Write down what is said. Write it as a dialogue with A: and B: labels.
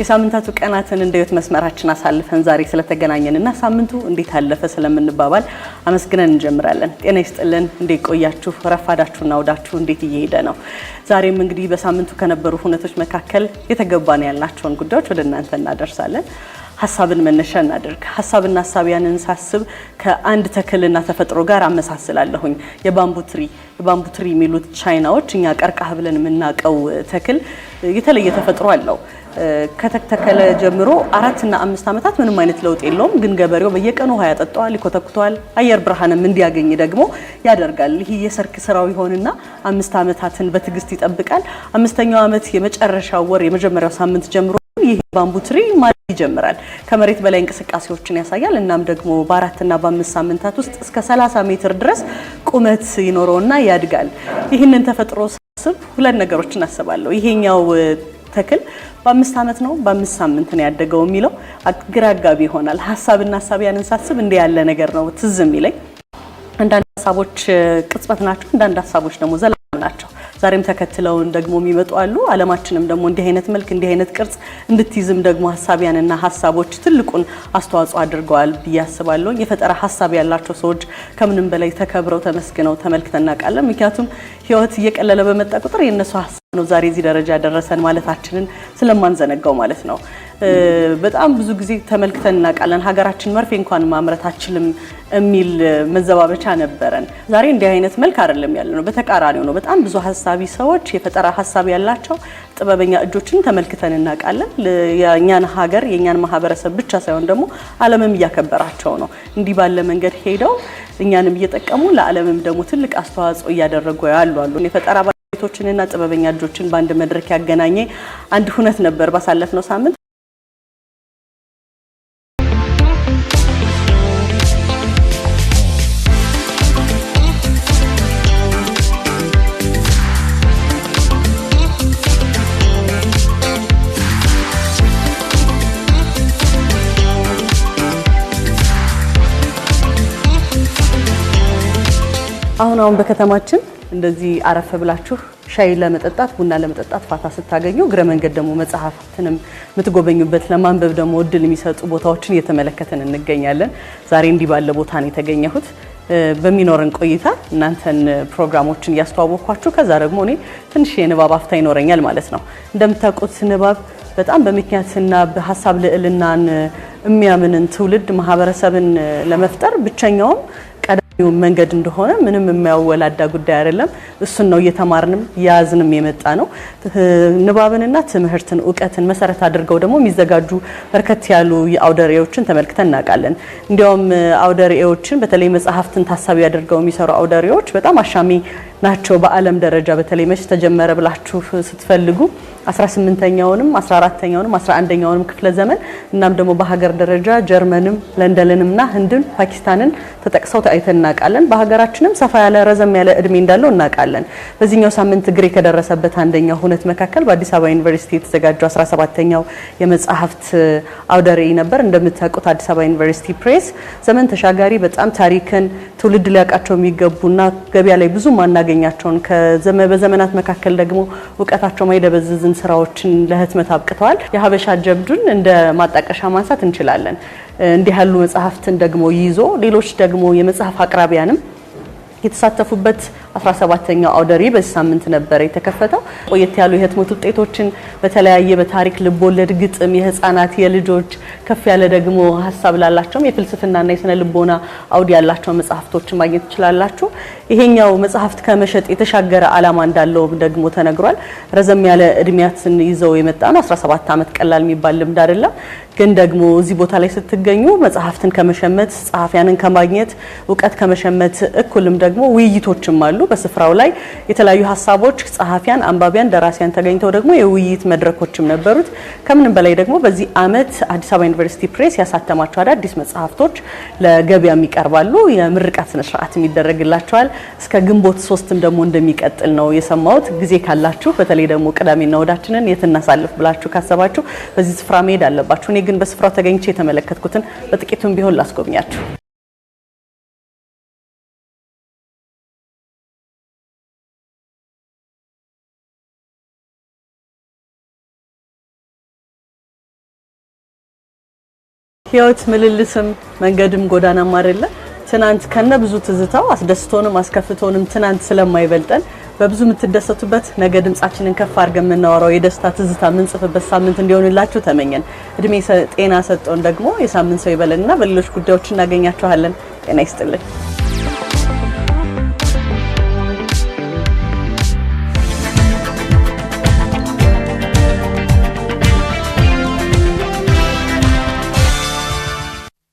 A: የሳምንታቱ ቀናትን እንደ መስመራችን አሳልፈን ዛሬ ስለተገናኘን እና ሳምንቱ እንዴት አለፈ ስለምንባባል አመስግነን እንጀምራለን። ጤና ይስጥልን። እንዴት ቆያችሁ? ረፋዳችሁና ውዳችሁ እንዴት እየሄደ ነው? ዛሬም እንግዲህ በሳምንቱ ከነበሩ ሁነቶች መካከል የተገባን ያልናቸውን ጉዳዮች ወደ እናንተ እናደርሳለን። ሀሳብን መነሻ እናደርግ። ሀሳብና ሀሳቢያንን ሳስብ ከአንድ ተክልና ተፈጥሮ ጋር አመሳስላለሁኝ። የባምቡ ትሪ የባምቡ ትሪ የሚሉት ቻይናዎች፣ እኛ ቀርቃህ ብለን የምናውቀው ተክል የተለየ ተፈጥሮ አለው። ከተተከለ ጀምሮ አራት እና አምስት ዓመታት ምንም አይነት ለውጥ የለውም። ግን ገበሬው በየቀኑ ውሃ ያጠጣዋል፣ ይኮተኩተዋል፣ አየር ብርሃንም እንዲያገኝ ደግሞ ያደርጋል። ይህ የሰርክ ስራው ይሆንና አምስት ዓመታትን በትዕግስት ይጠብቃል። አምስተኛው ዓመት የመጨረሻው ወር የመጀመሪያው ሳምንት ጀምሮ ይህ ባምቡ ትሪ ማለት ይጀምራል። ከመሬት በላይ እንቅስቃሴዎችን ያሳያል። እናም ደግሞ በአራትና በአምስት ሳምንታት ውስጥ እስከ 30 ሜትር ድረስ ቁመት ይኖረውና ያድጋል። ይህንን ተፈጥሮ ሳስብ ሁለት ነገሮች እናስባለሁ። ይሄኛው ተክል በአምስት ዓመት ነው በአምስት ሳምንት ነው ያደገው የሚለው አግራጋቢ ይሆናል። ሀሳብና ሀሳብ ያንን ሳስብ እንዲህ ያለ ነገር ነው ትዝ የሚለኝ። አንዳንድ ሀሳቦች ቅጽበት ናቸው፣ አንዳንድ ሀሳቦች ደግሞ ዘላለም ናቸው። ዛሬም ተከትለውን ደግሞ የሚመጡ አሉ። አለማችንም ደግሞ እንዲህ አይነት መልክ እንዲህ አይነት ቅርጽ እንድትይዝም ደግሞ ሀሳቢያንና ሀሳቦች ትልቁን አስተዋጽኦ አድርገዋል ብዬ አስባለሁ። የፈጠራ ሀሳብ ያላቸው ሰዎች ከምንም በላይ ተከብረው ተመስግነው ተመልክተን እናውቃለን። ምክንያቱም ህይወት እየቀለለ በመጣ ቁጥር የእነሱ ሀሳብ ነው ዛሬ እዚህ ደረጃ ያደረሰን ማለታችንን ስለማንዘነጋው ማለት ነው። በጣም ብዙ ጊዜ ተመልክተን እናውቃለን። ሀገራችን መርፌ እንኳን ማምረት አችልም የሚል መዘባበቻ ነበረን። ዛሬ እንዲህ አይነት መልክ አይደለም ያለ ነው፣ በተቃራኒው ነው። በጣም ብዙ ሀሳቢ ሰዎች፣ የፈጠራ ሀሳብ ያላቸው ጥበበኛ እጆችን ተመልክተን እናውቃለን። የእኛን ሀገር የእኛን ማህበረሰብ ብቻ ሳይሆን ደግሞ ዓለምም እያከበራቸው ነው። እንዲህ ባለ መንገድ ሄደው እኛንም እየጠቀሙ ለዓለምም ደግሞ ትልቅ አስተዋጽኦ እያደረጉ ያሉ አሉ የፈጠራ ባለቤቶችንና ጥበበኛ እጆችን በአንድ መድረክ ያገናኘ አንድ ሁነት ነበር ባሳለፍነው ሳምንት አሁን አሁን በከተማችን እንደዚህ አረፈ ብላችሁ ሻይ ለመጠጣት ቡና ለመጠጣት ፋታ ስታገኙ እግረ መንገድ ደግሞ መጽሐፍትንም የምትጎበኙበት ለማንበብ ደግሞ እድል የሚሰጡ ቦታዎችን እየተመለከተን እንገኛለን። ዛሬ እንዲህ ባለ ቦታ ነው የተገኘሁት። በሚኖረን ቆይታ እናንተን ፕሮግራሞችን እያስተዋወቅኳችሁ ከዛ ደግሞ እኔ ትንሽ የንባብ አፍታ ይኖረኛል ማለት ነው። እንደምታውቁት ንባብ በጣም በምክንያትና በሀሳብ ልዕልናን የሚያምንን ትውልድ ማህበረሰብን ለመፍጠር ብቸኛውም መንገድ እንደሆነ ምንም የማያወላዳ ጉዳይ አይደለም። እሱን ነው እየተማርንም የያዝንም የመጣ ነው። ንባብንና ትምህርትን እውቀትን መሰረት አድርገው ደግሞ የሚዘጋጁ በርከት ያሉ አውደሬዎችን ተመልክተን እናውቃለን። እንዲያውም አውደሬዎችን በተለይ መጽሐፍትን ታሳቢ ያደርገው የሚሰሩ አውደሬዎች በጣም አሻሚ ናቸው። በዓለም ደረጃ በተለይ መቼ ተጀመረ ብላችሁ ስትፈልጉ 18ኛውንም 14ኛውንም 11ኛውንም ክፍለ ዘመን እናም ደግሞ በሀገር ደረጃ ጀርመንም ለንደንንምና ህንድን ፓኪስታንን ተጠቅሰው አይተን እናውቃለን። በሀገራችንም ሰፋ ያለ ረዘም ያለ እድሜ እንዳለው እናውቃለን። በዚህኛው ሳምንት ግሬ ከደረሰበት አንደኛው ሁነት መካከል በአዲስ አበባ ዩኒቨርሲቲ የተዘጋጀው 17ኛው የመጽሐፍት አውደ ርዕይ ነበር። እንደምታውቁት አዲስ አበባ ዩኒቨርሲቲ ፕሬስ ዘመን ተሻጋሪ በጣም ታሪክን ትውልድ ሊያውቃቸው የሚገቡና ገበያ ላይ ብዙ ማናገኛቸውን በዘመናት መካከል ደግሞ እውቀታቸው ማይደበዝዝን ስራዎችን ለህትመት አብቅተዋል። የሀበሻ ጀብዱን እንደ ማጣቀሻ ማንሳት እንችላለን። እንዲህ ያሉ መጽሐፍትን ደግሞ ይዞ ሌሎች ደግሞ የመጽሐፍ አቅራቢያንም የተሳተፉበት 17ኛው አውደ ርዕይ በዚህ ሳምንት ነበረ የተከፈተው። ቆየት ያሉ የህትመት ውጤቶችን በተለያየ በታሪክ ልቦለድ፣ ግጥም፣ የህፃናት፣ የልጆች ከፍ ያለ ደግሞ ሀሳብ ላላቸውም የፍልስፍናና የስነ ልቦና አውድ ያላቸው መጽሐፍቶችን ማግኘት ትችላላችሁ። ይሄኛው መጽሐፍት ከመሸጥ የተሻገረ ዓላማ እንዳለው ደግሞ ተነግሯል። ረዘም ያለ እድሜያትን ይዘው የመጣ ነው። 17 ዓመት ቀላል የሚባል ልምድ አይደለም። ግን ደግሞ እዚህ ቦታ ላይ ስትገኙ መጽሐፍትን ከመሸመት ጸሐፊያንን ከማግኘት እውቀት ከመሸመት እኩልም ደግሞ ውይይቶችም አሉ። በስፍራው ላይ የተለያዩ ሀሳቦች፣ ጸሐፊያን፣ አንባቢያን፣ ደራሲያን ተገኝተው ደግሞ የውይይት መድረኮችም ነበሩት። ከምንም በላይ ደግሞ በዚህ አመት አዲስ አበባ ዩኒቨርሲቲ ፕሬስ ያሳተማቸው አዳዲስ መጽሐፍቶች ለገበያም ይቀርባሉ። የምርቃት ስነስርዓት ይደረግላቸዋል። እስከ ግንቦት ሶስትም ደግሞ እንደሚቀጥል ነው የሰማሁት። ጊዜ ካላችሁ በተለይ ደግሞ ቅዳሜና እሁዳችንን የት እናሳልፍ ብላችሁ ካሰባችሁ በዚህ ስፍራ መሄድ አለባችሁ። ግን በስፍራው ተገኝቼ የተመለከትኩትን በጥቂቱም ቢሆን ላስጎብኛችሁ።
B: ህይወት ምልልስም መንገድም ጎዳናም አይደለ ትናንት ከነ ብዙ ትዝታው አስደስቶንም አስከፍቶንም ትናንት ስለማይበልጠን በብዙ የምትደሰቱበት ነገ ድምጻችንን ከፍ አድርገን የምናወራው የደስታ ትዝታ የምንጽፍበት ሳምንት እንዲሆንላችሁ ተመኘን። እድሜ ጤና ሰጠውን ደግሞ የሳምንት ሰው ይበለንና በሌሎች ጉዳዮች እናገኛችኋለን። ጤና ይስጥልን።